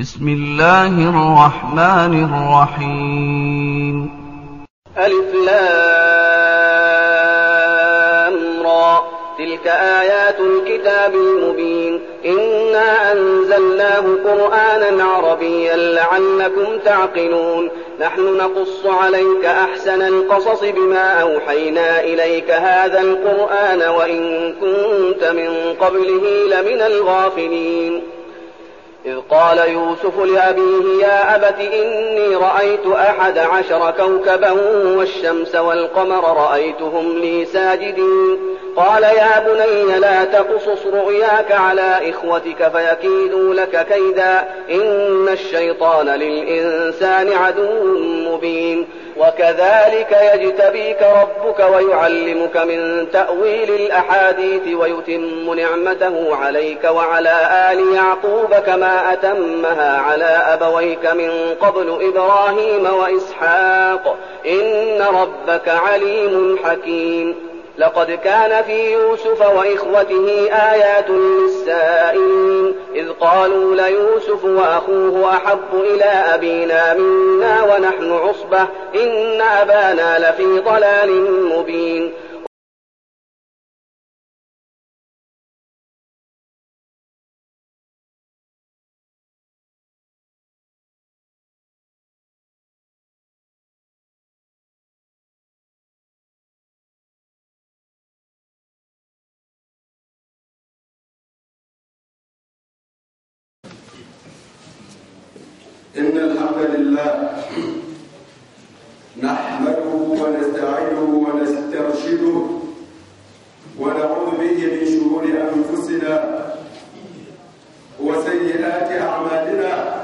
بسم الله الرحمن الرحيم ألف لامرى تلك آيات الكتاب المبين إنا أنزلناه قرآنا عربيا لعلكم تعقلون نحن نقص عليك أحسن القصص بما أوحينا إليك هذا القرآن وإن كنت من قبله لمن الغافلين إذ قال يوسف لأبيه يا أبت إني رأيت أحد عشر كوكبا والشمس والقمر رأيتهم لي ساجدين قال يا بني لا تقصص رؤياك على إخوتك فيكيدوا لك كيدا إن الشيطان للإنسان عدو مبين وكذلك يجتبيك ربك ويعلمك من تأويل الأحاديث ويتم نعمته عليك وعلى آل يعقوب كما أتمها على أبويك من قبل إبراهيم وإسحاق إن ربك عليم حكيم لقد كان في يوسف وإخوته آيات للسائلين إذ قالوا ليوسف وأخوه أحب إلى أبينا منا ونحن عصبة إن أبانا لفي ضلال مبين إن الحمد لله نحمده ونستعينه ونسترشده ونعوذ به من شرور أنفسنا وسيئات أعمالنا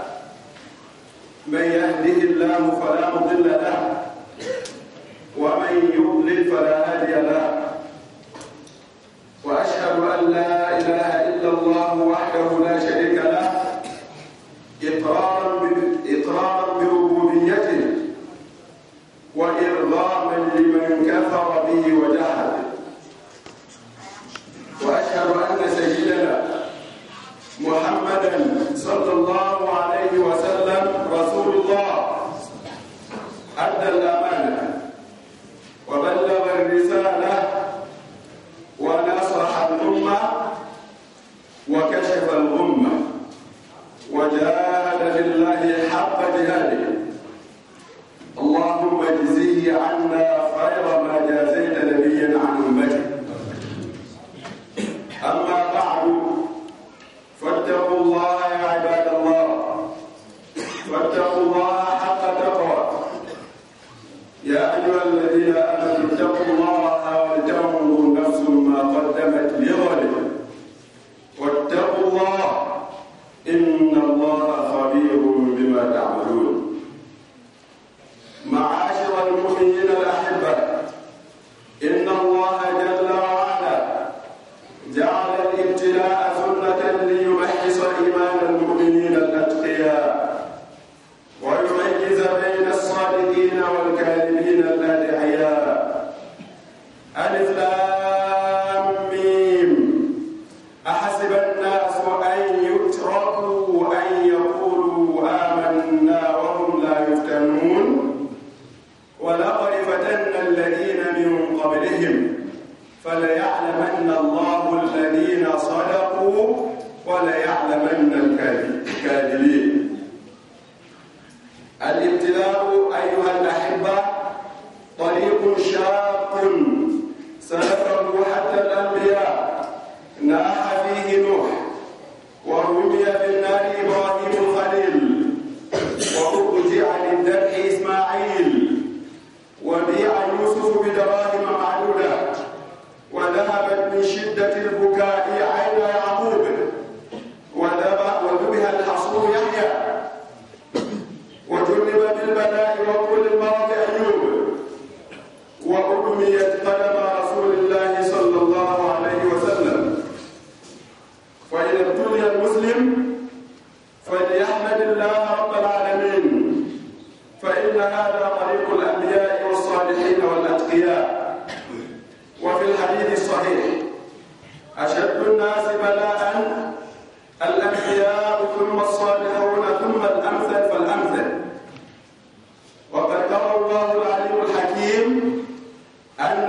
من يهده الله فلا مضل له ومن يضلل فلا هادي له وأشهد أن لا إله إلا الله وحده لا شريك له إقرارا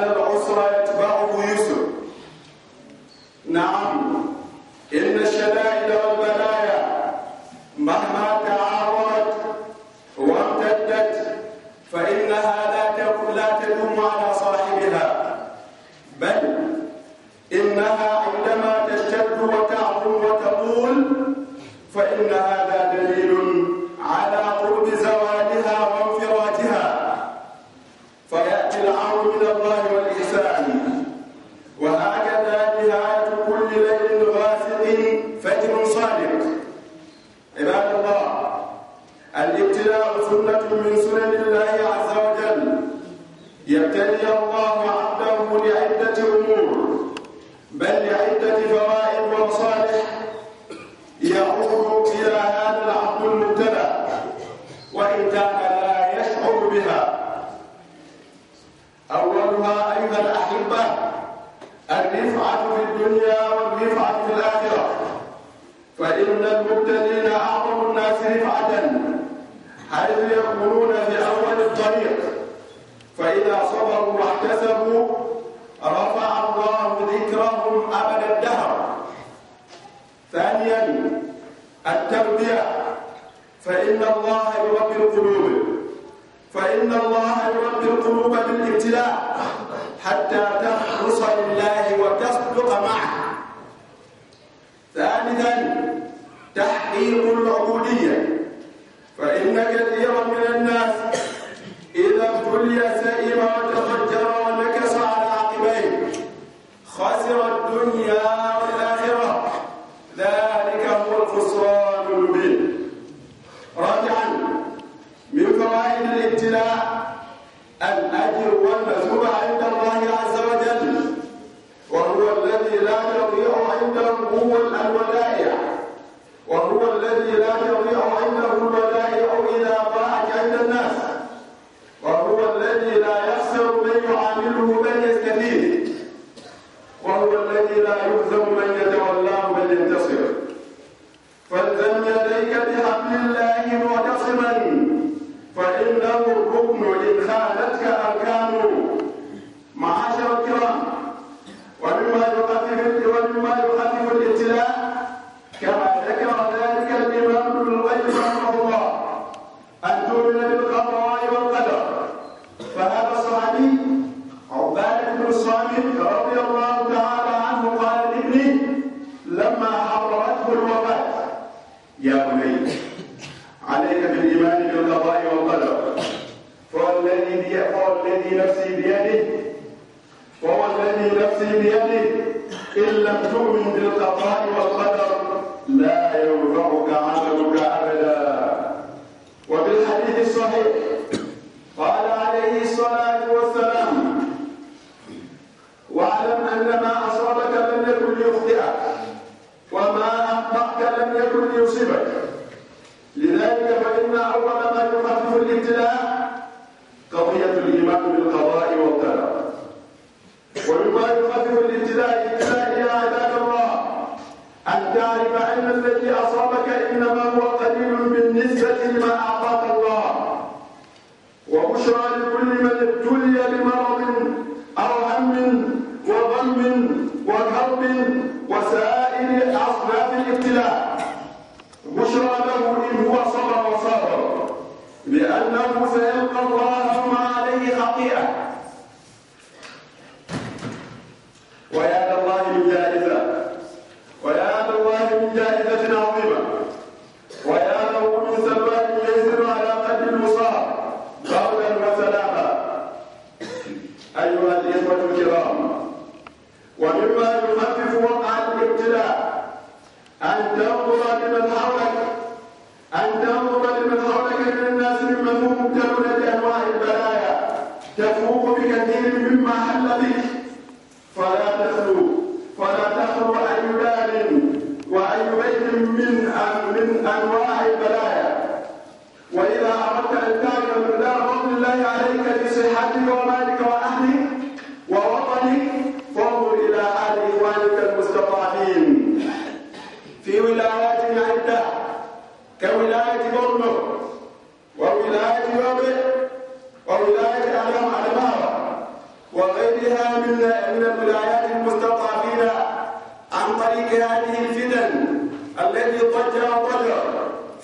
العسر يتبعها كل سائمات الذي أصابك إنما هو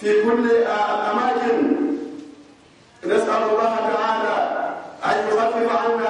في كل آه، الأماكن نسأل الله تعالى أن يخفف عنا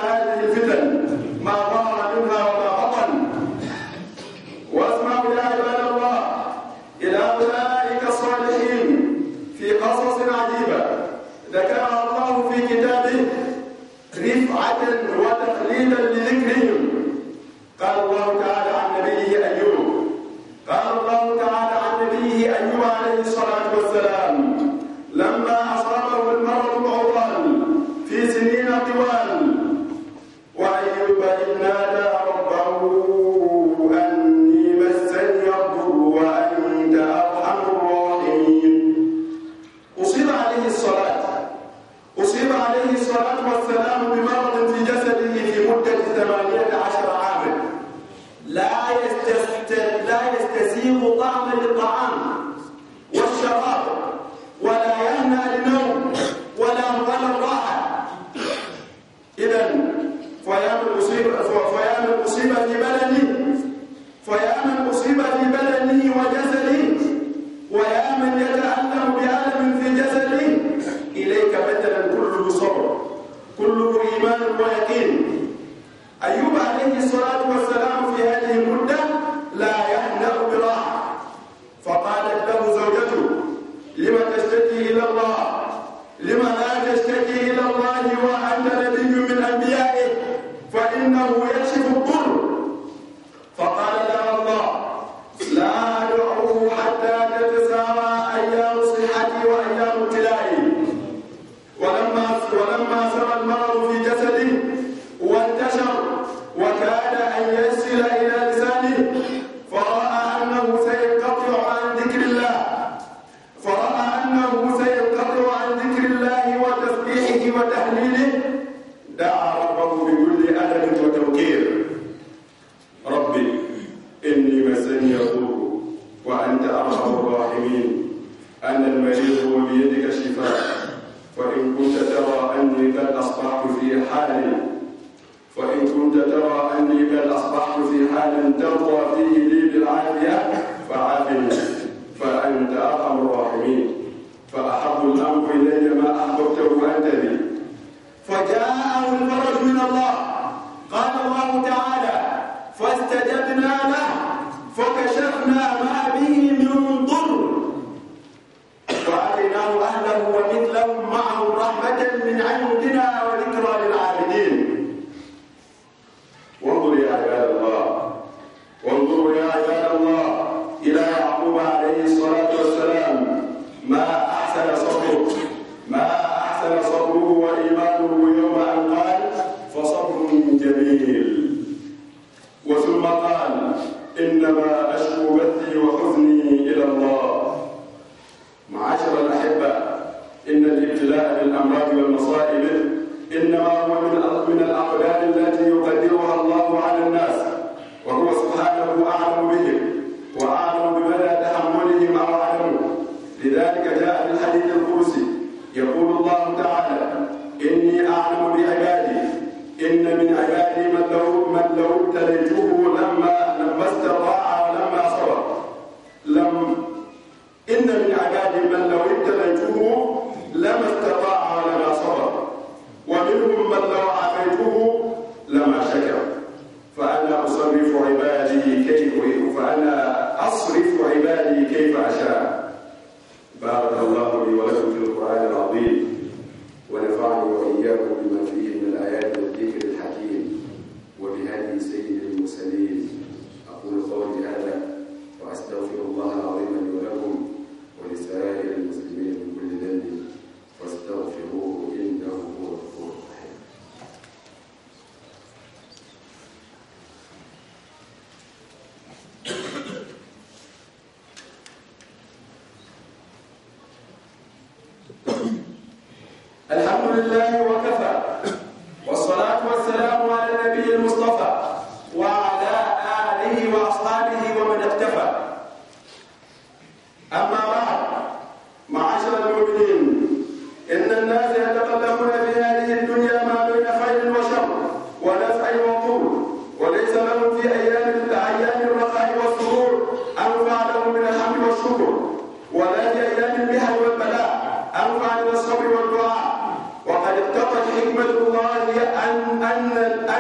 Allahu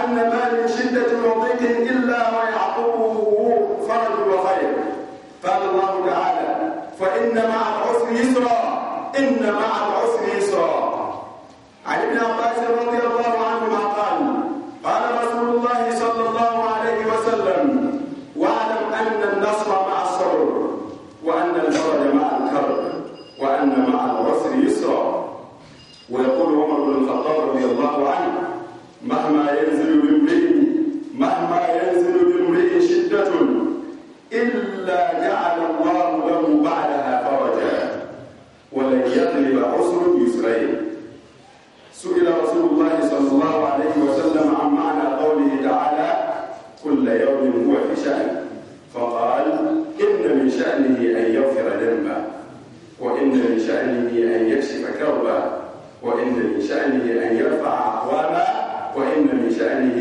أن ما من شدة نعطيك إلا مهما ينزل من to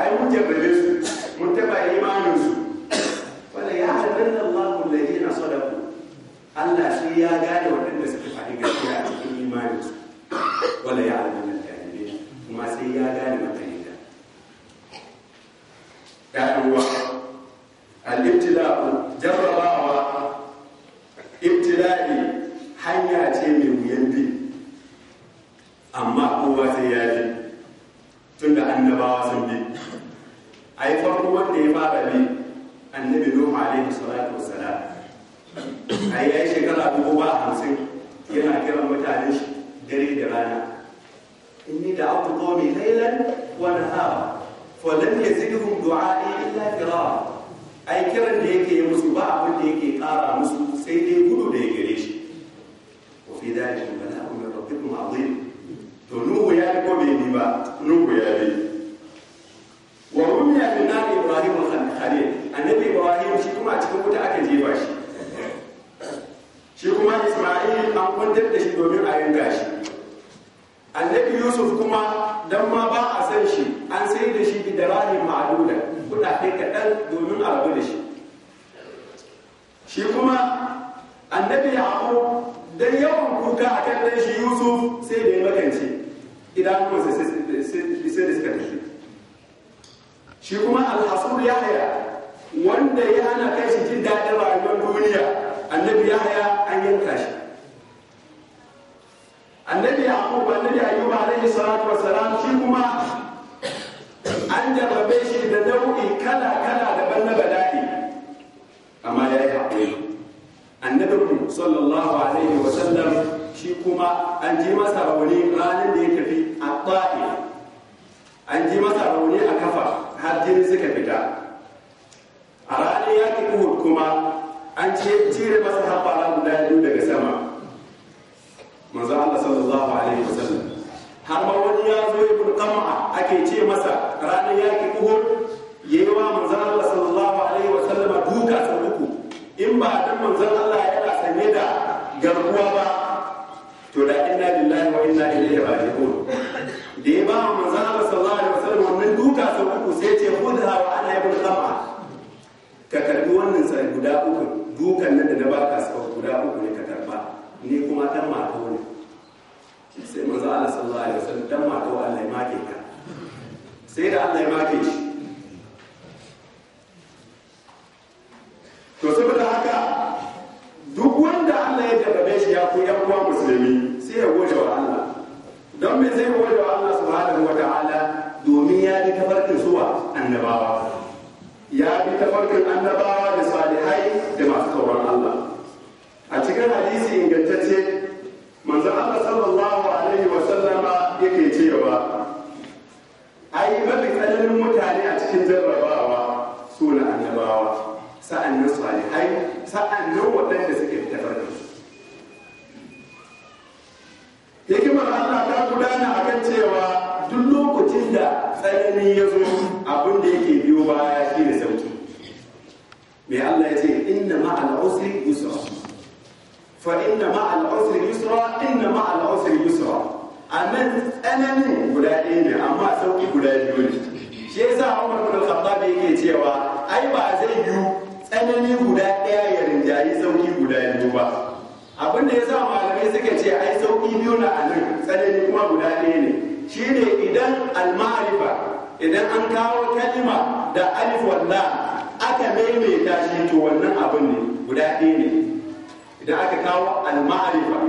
a yi mu annabi yaqub annabi Ayuba, alaihi salatu Salam shi kuma an jarrabe shi da nau'i kala kala daban na bala'i amma ya yi haƙuri annabinku sallallahu alaihi wa sallam, shi kuma an ji masa rauni ranar da ya tafi a ɗa'i an ji masa rauni a kafa har jini suka fita a ranar yaƙi uhud kuma an ce cire masa haɓara guda biyu daga sama manzo Allah sallallahu alaihi wasallam har ma wani ya zo ya burkama ake ce masa ranar yaki Uhud yayi wa manzo Allah sallallahu alaihi wasallam duka sau uku in ba dan manzo Allah yana sanye da garkuwa ba to da inna lillahi wa inna ilaihi raji'un da ya ba manzo Allah sallallahu alaihi wasallam wannan duka sau uku sai ce hudha wa ana burkama ka karbi wannan sai guda uku dukan nan da na baka sau guda uku ne ka karba ni kuma dan mata ne sai manzo Allah sallallahu alaihi wasallam dan mata wa Allah ya make ka sai da Allah ya make shi to saboda haka duk wanda Allah ya jarrabe shi ya ko yan uwa musulmi sai ya gode wa Allah don me zai gode wa Allah subhanahu wa ta'ala domin ya bi tafarkin suwa annabawa ya bi tafarkin annabawa da salihai da masu tsoron Allah a cikin hadisi ingantacce manzo Allah sallallahu alaihi wa sallama yake cewa ai mafi tsananin mutane a cikin jarrabawa su na annabawa sa'annan salihai sa'annan waɗanda suke fita da su hikimar Allah ta gudana kan cewa duk lokacin da tsanani ya zo abin da yake biyo baya shi da sauki mai Allah ya ce inna ma'al usri yusra fa inna ma'al usri yusra inna ma'al usri yusra annan tsananin guda ɗaya ne amma sauki guda biyu ne shi yasa Umar ba Khattab yake cewa ai ba zai yiwu tsanani guda ɗaya ya rinjayi sauki guda biyu ba abin da yasa malamai suke ce ai sauki biyu na anan tsanani kuma guda ɗaya ne shine idan al idan an kawo kalima da alif walla aka maimaita shi to wannan abin ne guda ɗaya ne da aka kawo al-ma'rifa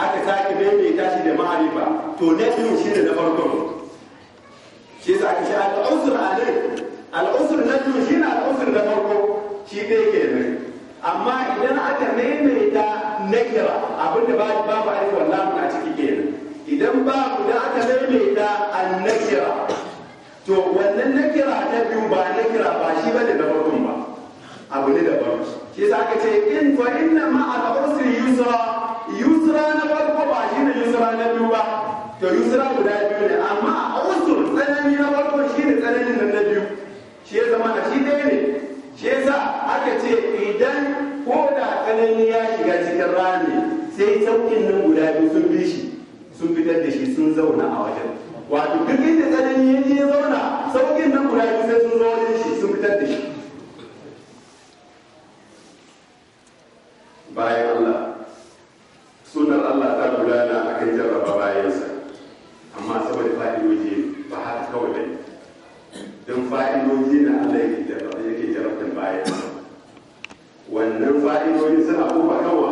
aka sake maimaita shi da ma'rifa to na biyu shi ne na farkon shi yasa aka ce al-usr alai al-usr na biyu shi ne al-usr na farko shi dai kenan amma idan aka maimaita na kira abinda babu alif wallahu a ciki kenan idan babu da aka maimaita an-nakira to wannan nakira ta biyu ba nakira ba shi bane da farkon ba abu ne da farkon shi sa aka ce in fa inna ma al usri yusra yusra na farko ba shine yusra na biyu ba to yusra guda biyu ne amma a wasu tsanani na farko shine tsananin nan na biyu shi ya zama da shi ɗaya ne shi yasa aka ce idan ko da tsanani ya shiga cikin rami sai sauƙin nan guda biyu sun bi shi sun fitar da shi sun zauna a wajen wato duk inda tsanani ya je zauna sauƙin nan guda biyu sai sun zo wajen shi sun fitar da shi bayan Allah sunan Allah ta gudana a kan jarraba bayansa amma saboda fa'idoji ba haka kawai ba don fa'idoji na Allah yake jarrabtan bayansa wannan fa'idoji suna kuma kawai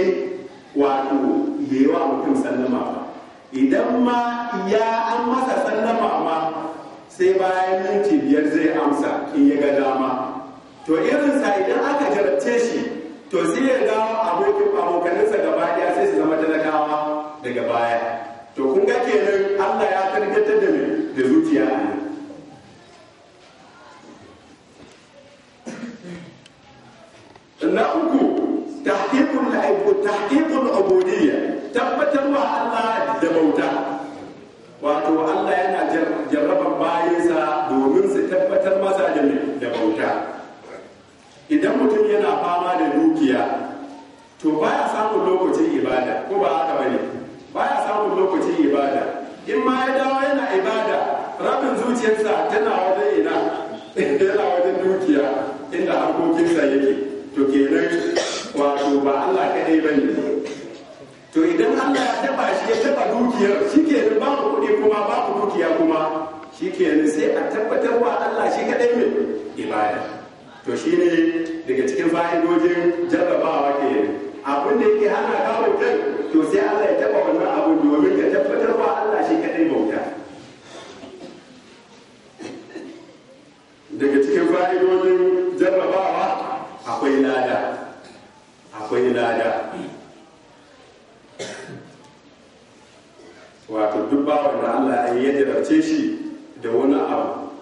shine wato yewa mutum sallama ba idan ma ya an masa sallama ma sai bayan minti biyar zai amsa in ya ga dama to irin sa idan aka jarabce shi to sai ya ga abokin abokaninsa gaba ɗaya sai su zama talakawa daga baya to kun ga kenan Allah ya tarkatar da da zuciya a to ba ya samun lokacin ibada ko ba haka bane Ba ya samun lokacin ibada in ma ya dawo yana ibada rabin zuciyarsa tana wajen ina yana wajen dukiya inda harkokinsa yake to kenan wato ba Allah kadai bane to idan Allah ya taba shi ya taba dukiyar shikenan babu kuɗi kuma babu dukiya kuma shikenan sai a tabbatar wa Allah shi kadai ne ibada to shine daga cikin fa'idojin jarrabawa kenan abin da yake hana ka bautar to sai Allah ya taba wannan abin domin ka tabbatar wa Allah shi kadai bauta daga cikin fa'idodin jarrabawa akwai lada akwai lada wato duk bawan da Allah ya jarabce shi da wani abu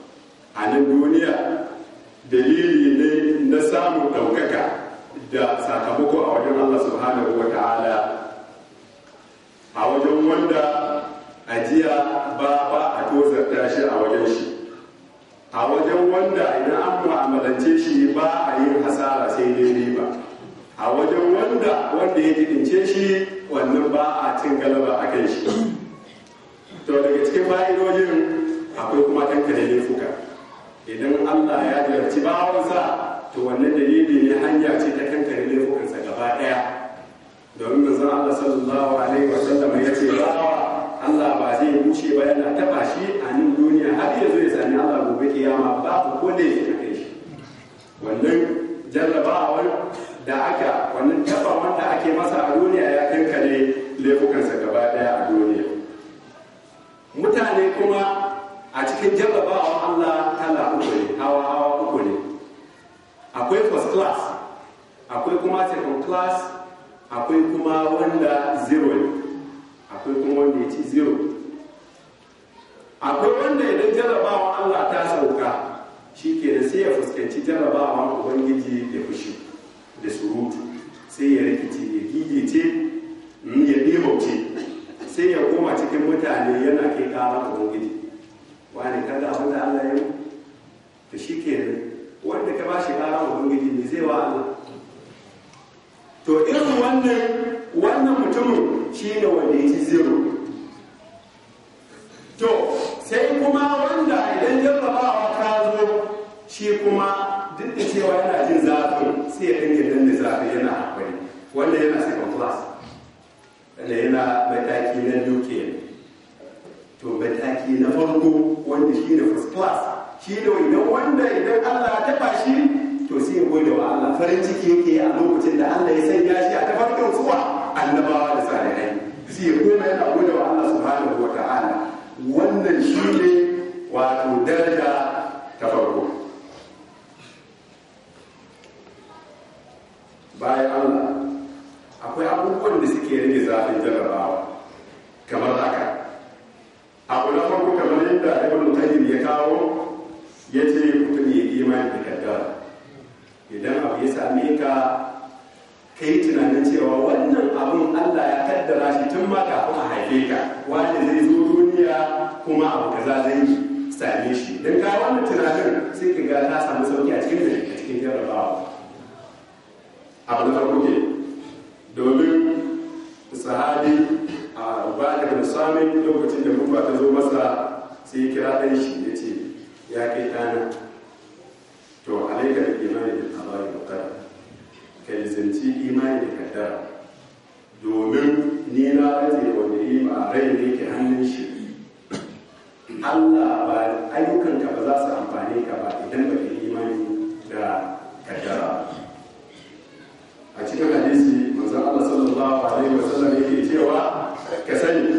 a nan duniya dalili ne na samun ɗaukar da sakamako a wajen Allah subhanahu wa ta'ala a wajen wanda ajiya ba ba a tozarta shi a wajen shi a wajen wanda idan an mu'amalance shi ba a yin hasara sai dai ba a wajen wanda wanda ya jidince shi wannan ba a cin galaba a kai shi to daga cikin fa'idojin akwai kuma tankare laifuka idan Allah ya jarci bawansa to wannan dalili ne hanya ce ta kankare laifukansa gaba ɗaya domin manzo Allah sallallahu alaihi wa sallam ya ce ba, Allah ba zai wuce ba yana taba shi a nan duniya har ya zo ya sani Allah gobe kiyama ba ku ko laifi a kai wannan jarrabawar da aka wannan taba wanda ake masa a duniya ya kankare laifukansa gaba ɗaya a duniya mutane kuma a cikin jarrabawa Allah tana uku ne hawa hawa uku ne akwai first class akwai kuma second class akwai kuma wanda zero ne akwai kuma wanda ya ci zero akwai wanda idan jarabawan allah ta sauka shi da sai ya fuskanci jarabawan ubangiji ya fushi da surutu sai ya rikice ya gigice mm, ya ɗebauce sai ya koma cikin mutane yana kai kama ubangiji wani kada abin da allah ya yi to shi ke wanda ka bashi wa ubangiji ne zai wa Allah to irin wannan wannan mutumin shi ne wanda ya ci zero to sai kuma wanda idan jarrabawa ta zo shi kuma duk da cewa yana jin zafi sai ya dinga da zafi yana akwai. wanda yana second class wanda yana mataki na duke to mataki na farko wanda shi ne first class shi da wannan wanda idan Allah ya taba shi to sai ya gode wa Allah farin ciki yake a lokacin da Allah ya sanya shi a tafarkin zuwa annabawa da salihai sai ya koma yana gode wa Allah subhanahu wata'ala wannan shi ne wato daraja ta farko bayan Allah akwai abubuwan da suke rage zafin jarrabawa kamar haka abu na farko kamar yadda ibn qayyim ya kawo ya ce mutum ya imani da idan abu ya same ka ka yi tunanin cewa wannan abun Allah ya kaddara shi tun ma kafin a haife ka wanda zai zo duniya kuma abu kaza zai same shi don ka wannan tunanin sai ka ga ta samu sauki a cikin a cikin jarrabawa abu na farko ke domin sahabi a ba da sami lokacin da mutuwa ta zo masa sai kira ɗan shi ya ce ya kai ɗana to alaika da imani da kabari da kada ka lisanci imani da kaddara domin ni na aje wanda yi ba rai ne ke hannun shi Allah ba ayyukanka ba za su amfani ka ba idan ba ka imani da kaddara a cikin hadisi manzon Allah sallallahu alaihi wasallam yake cewa ka sani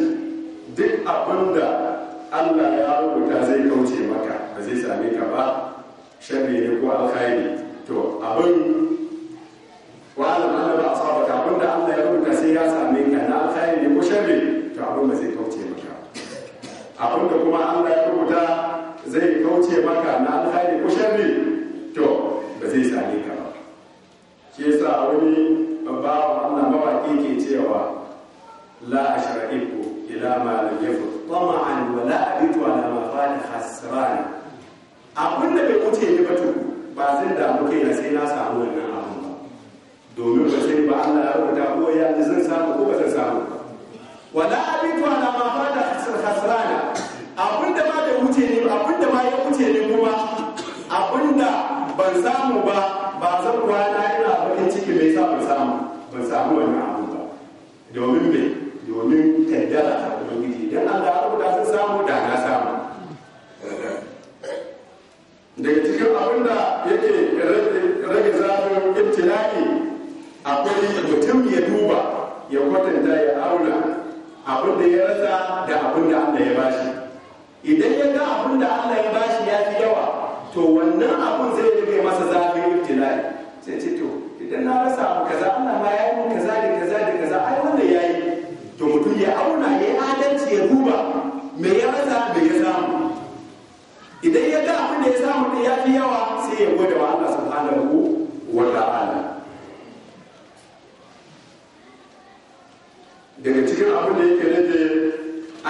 duk abin da Allah ya rubuta zai wa alkhairi to abin wa'alam Allah ba a asabaka abin da Allah ya rubuta sai ya same ka na alkhairi ne ko sharri to abin ba zai kauce maka abin da kuma Allah ya rubuta zai kauce maka na alkhairi ko sharri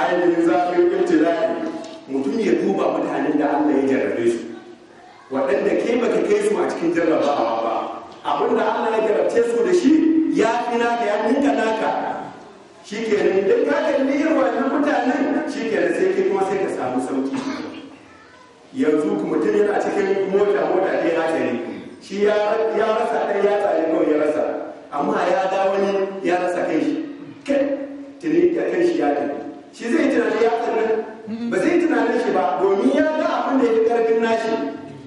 ainihin zafin ibtila'i mutum ya duba mutanen da Allah ya jarrabe su waɗanda ke baka kai su a cikin jarrabawa ba abin da Allah ya jarabce su da shi ya fi naka ya ninka naka shi kenan idan ka kalli mutanen shi sai kuma sai ka samu sauki yanzu mutum yana cikin mota mota ɗaya na tsari shi ya rasa ɗaya ya tsari kawai ya rasa amma ya dawo ne ya rasa kai shi kai tuni da kai shi ya tafi shi zai tunani ya tsanani ba zai tunanin shi ba domin ya ga abin da ya fi karfin nashi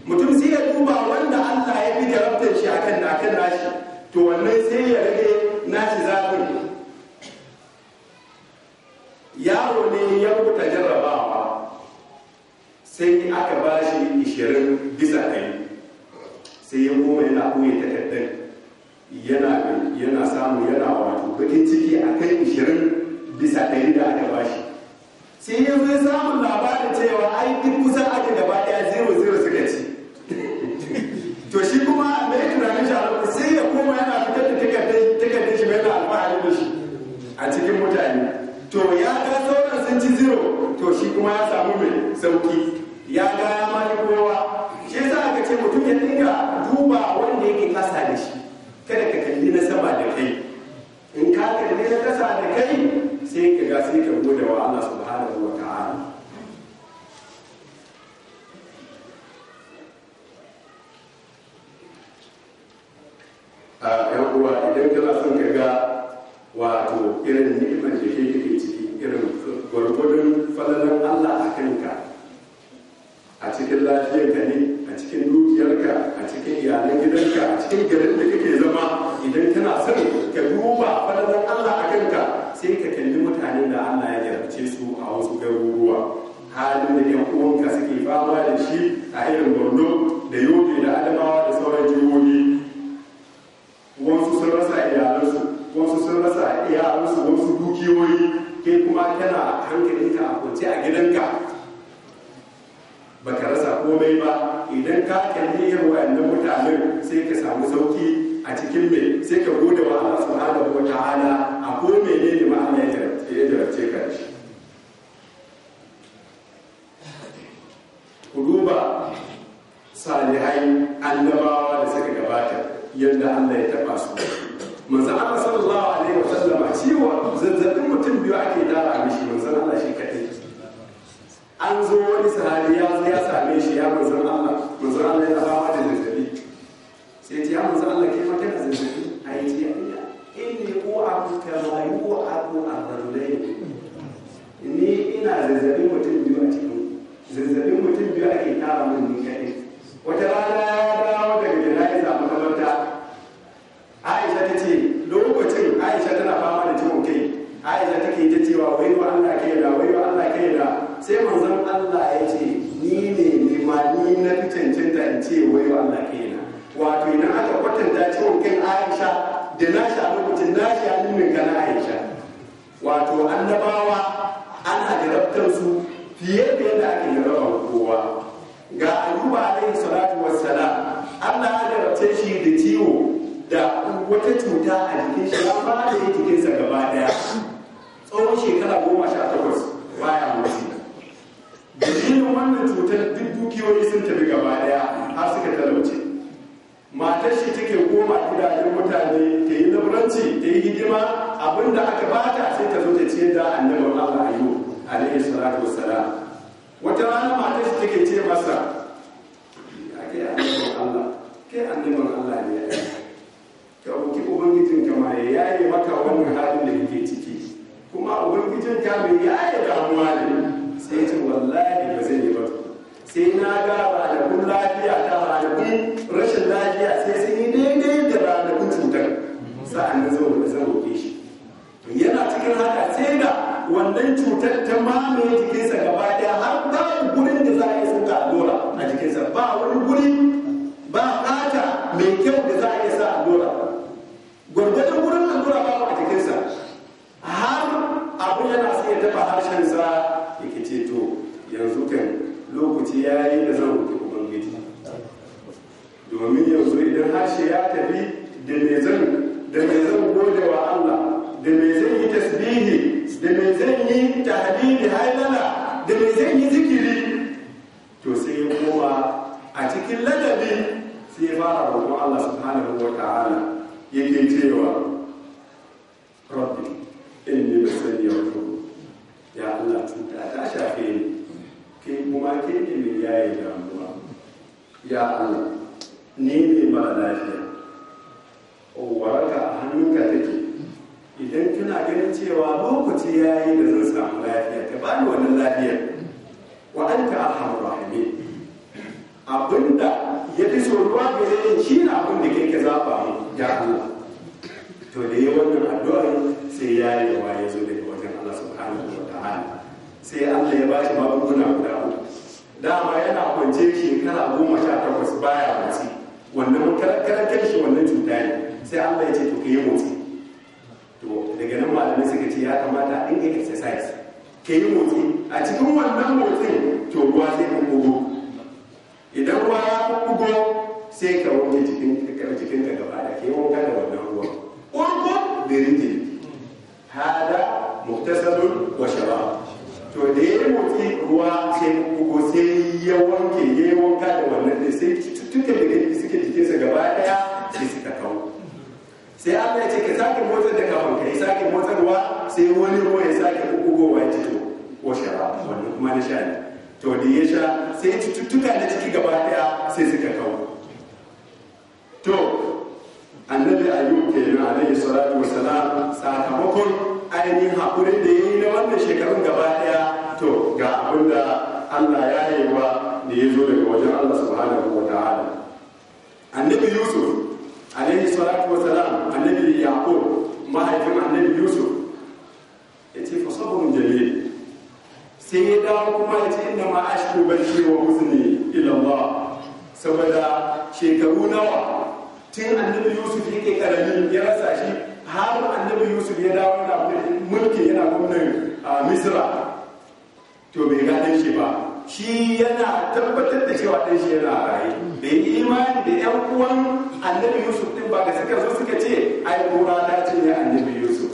mutum sai ya duba wanda Allah ya fi jarabtar shi akan na kan nashi to wannan sai ya rage nashi zafin yaro ne ya fita jarrabawa sai aka ba shi ishirin bisa ɗari sai ya goma yana ɓoye takardar yana samu yana wato bakin ciki a kan ishirin bisa ɗari da aka bashi sai ya zai samun labarin cewa ai duk kusan ake gaba ɗaya zero zero suka ci to shi kuma da ya tunanin shi alaƙa sai ya koma yana fitar da takardar shi mai da alfahari da shi a cikin mutane to ya ga sauran sun ci zero to shi kuma ya samu mai sauki ya ga ya mali kowa shi yasa aka ce mutum ya dinga duba wanda yake kasa da shi kada ka kalli na sama da kai in ka kalli na kasa da kai sai ka ga sai ka gode wa Allah subhanahu wa ta'ala a yan uwa idan kana son ka ga wato irin ni'imar da ke kake ciki irin gwargwadon falalan Allah a kanka a cikin lafiyarka ne a cikin dukiyarka a cikin iyalan gidanka a cikin garin da kake zama idan kana son ka duba falalar Allah a kanka sai ka kalli mutanen da Allah ya jarabce su a wasu garuruwa halin da yan uwanka suke fama da shi a irin borno da yobe da adamawa da sauran jihohi wasu sun rasa iyalansu wasu sun rasa iyalansu wasu dukiyoyi kai kuma kana ka a kwance a gidanka baka rasa komai ba idan ka kalli irin wayannan mutanen sai ka samu sauki a cikin mai sai ka gode wa Allah subhanahu wa ta'ala a ko menene ma Allah ya jarabce ka shi ku duba salihai annabawa da suka gabata yadda Allah ya taba su manzo Allah sallallahu alaihi wa sallam ciwo zanzabin mutum biyu ake dara mishi manzo Allah shi kadai an zo wani sahabi ya same shi ya manzo Allah manzo Allah ya taba da zanzabin sai ce ya manzo Allah kai ma kana zazzabi a yi ce inni ko abu kama yi ko abu a rajulai ni ina zazzabin mutum biyu a cikin zazzabin mutum biyu ake tara min ni kaɗai wata rana ya dawo daga jana'iza makaranta Aisha ta ce lokacin Aisha tana fama da ciwon kai Aisha take ta cewa wai wa Allah kai da wai wa Allah kai da sai manzon Allah ya ce ni ne ni ma ni na fi cancanta in ce wai wa Allah kai da wato idan aka kwatanta ciwon kan aisha da nashi a lokacin shi a nunin gana aisha wato annabawa ana jarabtar su fiye da yadda ake jaraba kowa ga ayuba alaihi salatu wassalam allah ya jarabce shi da ciwo da wata cuta a jikin shi ya fara jikin sa gaba daya tsawon shekara goma sha takwas baya motsi dalilin wannan cutar duk dukiyoyi sun tafi gaba daya har suka talauce matar shi take goma gidajen mutane ta yi labaranci ta yi hidima abinda aka bata sai ta zo ta ce da annabin Allah ayyub alaihi salatu wassalam wata rana matar shi take ce masa ake annabin Allah ke annabin Allah ne ya ta roki ubangijin ka ma ya yaye maka wannan halin da kake ciki kuma ubangijin ka mai yaye amma ne sai ce wallahi ba zai yi ba sai na ga ranakun lafiya ta ranakun rashin lafiya sai sun yi daidai da ranakun cutar sa'an da zo da zan shi yana cikin haka sai da wannan cutar ta mamaye jikinsa gaba ɗaya har ba gurin da za a yi suka allura a jikinsa ba wani guri ba fata mai kyau da za a yi sa allura gwargwadon gurin allura ba a jikinsa har abu yana sai ya taɓa harshensa ya ce to yanzu kan lokaci ya yi da zan domin yanzu idan harshe ya tafi da me zan da me zan gode wa Allah da me zan yi tasbihi da me zan yi tahlili haylala da me zan yi zikiri to sai ya koma a cikin ladabi sai ya fara roƙon Allah subhanahu wa ta'ala yake cewa rabbi inni basani yarfu ya Allah ta shafe kai kuma kai ne mai damuwa ya Allah ni ne mara lafiya waraka a hannunka take idan kina ganin cewa lokaci ya yi da zan samu lafiya ka ba ni wannan lafiyar wa an ka rahimi abinda ya fi ruwa gare ni shi na abin da kai ka zaba mu ya Allah to da yi wannan addu'ar sai ya yi wa ya zo daga wajen Allah subhanahu wa ta'ala sai Allah ya bashi magunguna guda uku dama yana kwance shekara goma sha takwas baya mace wannan karantar shi wannan cuta ne sai allah ya ce to ka yi motsi to daga nan malamai suka ce ya kamata a dinga exercise ka yi motsi a cikin wannan motsin to ruwa zai ɗan kogo idan ruwa ya kogo sai ka wanke jikin ka gaba da ke wanka da wannan ruwa urku da rijin hada muktasarun wa ba. to da ya motsi ruwa sai ko sai ya wanke ya yi wanka da wannan ne sai cututtukan da gani suke jikinsa gaba daya sai suka kawo sai Allah ya ce ka sake motsar da kafin ka yi sake motsarwa sai wani ruwa ya sake kugowa ya fito ko shara Wannan kuma na sha ne to da ya sha sai cututtuka da ciki gaba daya sai suka kawo to annabi ayyub kenan alayhi salatu wasalam sakamakon ainihin haƙuri da ya yi na wannan shekarun gaba ɗaya to ga abin da allah ya yi wa da ya zo daga wajen allah subhanahu wa ta'ala annabi yusuf alaihi salatu wa salam annabi yaqub mahaifin annabi yusuf ya ce fa sabrun jalil sai ya dawo kuma ya ce inda ma ashku bashi wa huzni ila allah saboda shekaru nawa tun annabi yusuf yake karami ya rasa misra to bai ga dan shi ba shi yana tabbatar da cewa dan shi yana raye bai yi imani da yan uwan annabi yusuf din ba da sakar suka ce ai kura ta ce ya annabi yusuf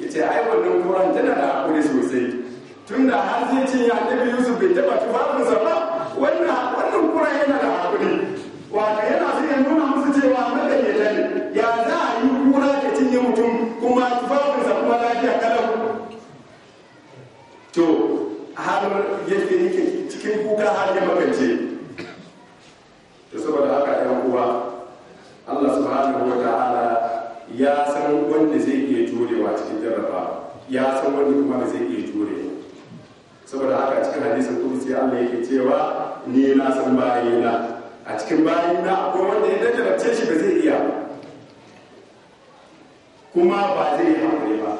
ya ce ai wannan kuran tana da hakuri sosai tunda har zai ce ya annabi yusuf bai taba tufafinsa ba wannan wannan kuran yana da hakuri wato yana so ya nuna musu cewa madaidai ne ya za har yadda yake cikin kuka har ya makance da saboda haka yan uwa Allah subhanahu wa ta'ala ya san wanda zai iya jurewa cikin jarraba ya san wanda kuma da zai iya jure saboda haka cikin hadisin kudusi Allah yake cewa ni na san bayina a cikin bayina akwai wanda ya jarabce shi ba zai iya kuma ba zai yi haƙuri ba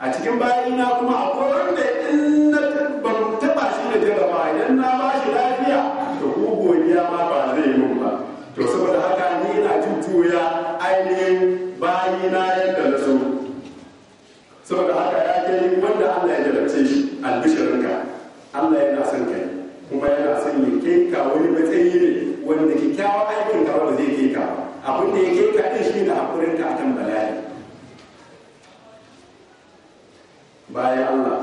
a cikin bayina kuma akwai wanda in na ban taba shi da ba idan na ba shi lafiya to ko godiya ma ba zai yi ba to saboda haka ni jin tutuya ainihin bayina yadda na so saboda haka ya ke wanda Allah ya jarabce shi albishirinka Allah yana son kai kuma yana son ya ke ka wani matsayi ne wanda kyakkyawan aikin ka ba zai ke ka abin da ya ke ka din shi ne hakurinka akan bala'i bayan Allah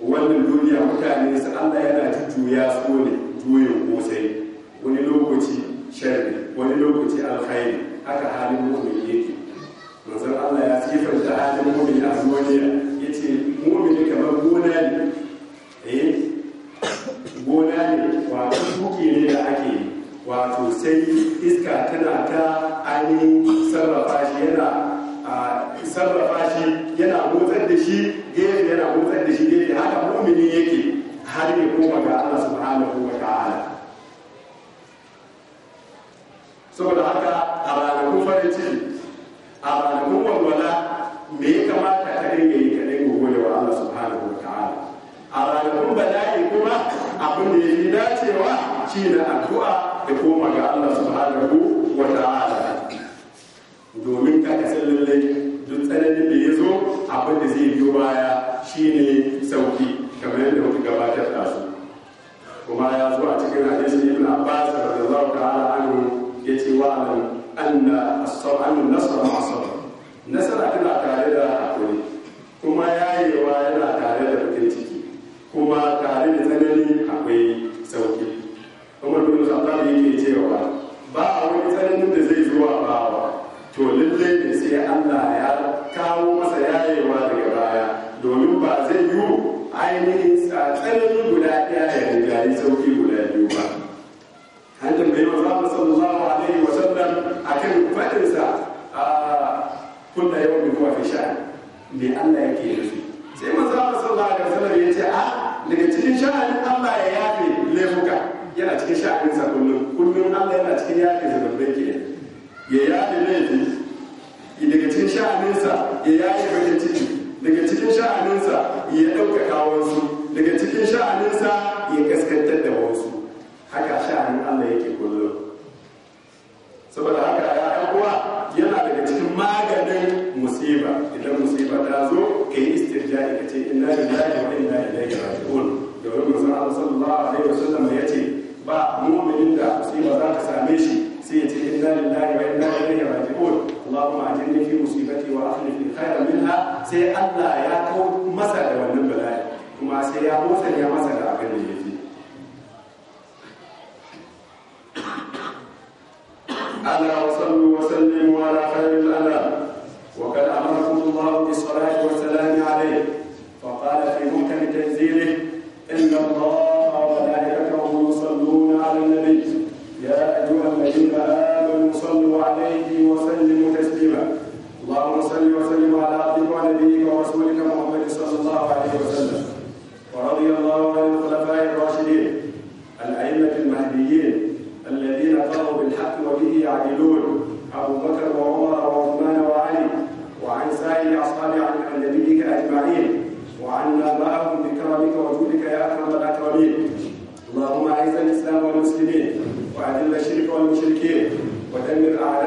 wannan duniya mutane su Allah yana juya so ne juyin kosai wani lokaci sharri wani lokaci alkhairi haka halin mu'min ainihin tsananin guda ɗaya ya da yi sauƙi guda biyu ba mai yi wa sallallahu alaihi wa sallam a kan faɗinsa a kunna yau mai kuma fi sha'ani me Allah yake su sai manzo mu sallallahu alaihi wa sallam ya ce a ah, daga cikin sha'anin Allah ya yafe laifuka yana cikin sha'aninsa kullum kullum Allah yana cikin yafe babban ke ya yafe laifi daga cikin sha'aninsa ya yafe bakin ciki daga cikin sha'aninsa ya ɗaukaka wasu daga cikin sha'aninsa ya gaskantar da wasu haka sha'anin Allah yake kullum saboda haka ya kuwa yana daga cikin maganin musiba idan musiba ta zo ka yi istirja'i ka ce inna lillahi wa inna ilaihi raji'un domin manzon Allah sallallahu alaihi wa wasallam ya ce ba mu'minin da musiba za ka same shi sai ya ce inna lillahi wa inna ilaihi raji'un اللهم اجرني في مصيبتي واخلف لي خيرا منها سي الا يا كو مسد ولن بلاي كما سي يا ya motsa ya masa da abin ألا وصلوا وسلموا على خير الأنام وقد أمركم الله بالصلاة والسلام عليه فقال في محكم تنزيله إن الله وملائكته يصلون على النبي يا أيها الذين آمنوا عليه وسلم تسليما اللهم صل وسلم على عبدك ونبيك ورسولك محمد صلى الله عليه وسلم ورضي الله عن الخلفاء الراشدين الأئمة المهديين الذين قضوا بالحق وبه يعدلون أبو بكر وعمر وعثمان وعلي وعن سائر أصحاب نبيك أجمعين وعنا معهم بكرمك وجودك يا أكرم الأكرمين اللهم أعز الإسلام والمسلمين وأذل الشرك والمشركين waɗannan a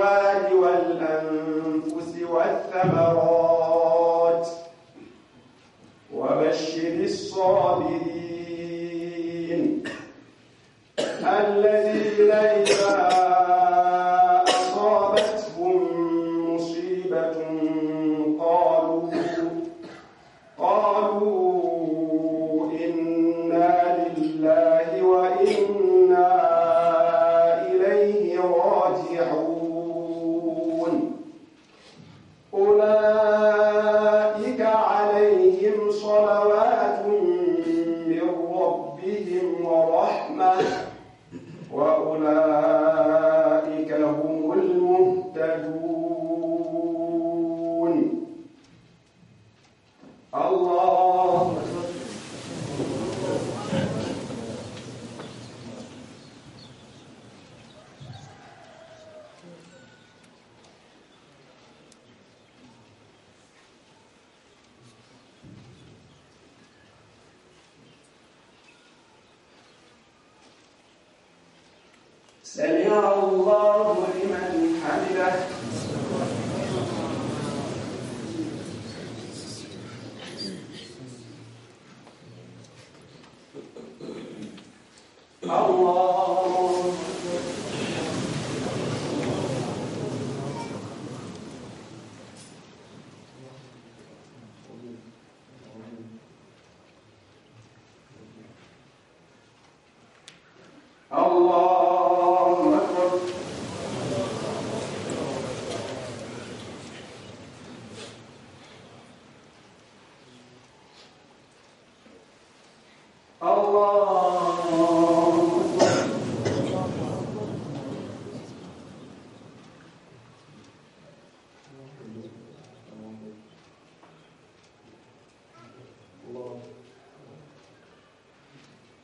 Coelho.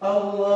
Allah